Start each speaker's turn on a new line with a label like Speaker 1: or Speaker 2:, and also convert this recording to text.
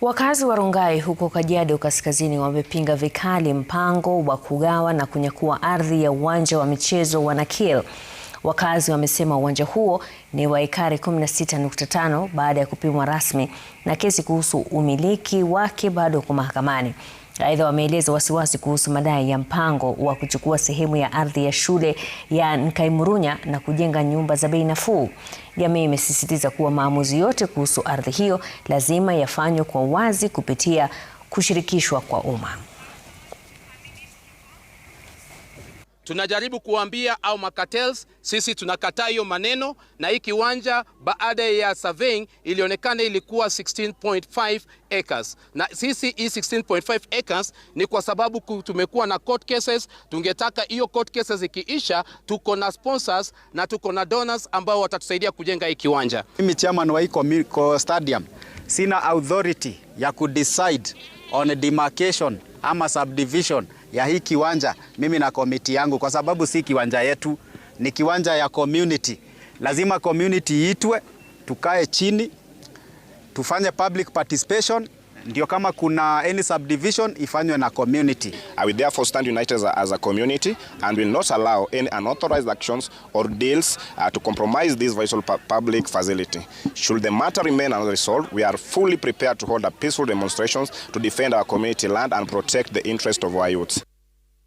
Speaker 1: Wakazi wa Rongai huko Kajiado Kaskazini wamepinga vikali mpango wa kugawa na kunyakua ardhi ya uwanja wa michezo wa Nakil. Wakazi wamesema uwanja huo ni wa ekari 16.5 baada ya kupimwa rasmi na kesi kuhusu umiliki wake bado uko mahakamani. Aidha, wameeleza wasiwasi kuhusu madai ya mpango wa kuchukua sehemu ya ardhi ya shule ya Nkaimurunya na kujenga nyumba za bei nafuu. Jamii imesisitiza kuwa maamuzi yote kuhusu ardhi hiyo lazima yafanywe kwa wazi kupitia kushirikishwa kwa umma.
Speaker 2: tunajaribu kuambia au makatels, sisi tunakataa hiyo maneno, na hii kiwanja baada ya surveying ilionekana ilikuwa 16.5 acres, na sisi hii 16.5 acres ni kwa sababu tumekuwa na court cases. Tungetaka hiyo court cases ikiisha, tuko na sponsors na tuko na donors ambao watatusaidia kujenga hii kiwanja.
Speaker 3: Mimi chairman wa hii stadium sina authority ya kudecide on demarcation ama subdivision ya hii kiwanja mimi na komiti yangu, kwa sababu si kiwanja yetu, ni kiwanja ya community. Lazima community iitwe tukae chini, tufanye public participation ndio kama kuna any subdivision ifanywe na community.
Speaker 4: I will therefore stand united as a, as a community and will not allow any unauthorized actions or deals uh, to compromise this vital public facility. Should the matter remain unresolved, we are fully prepared to hold a peaceful demonstrations to defend our community land and protect the interest of our youth.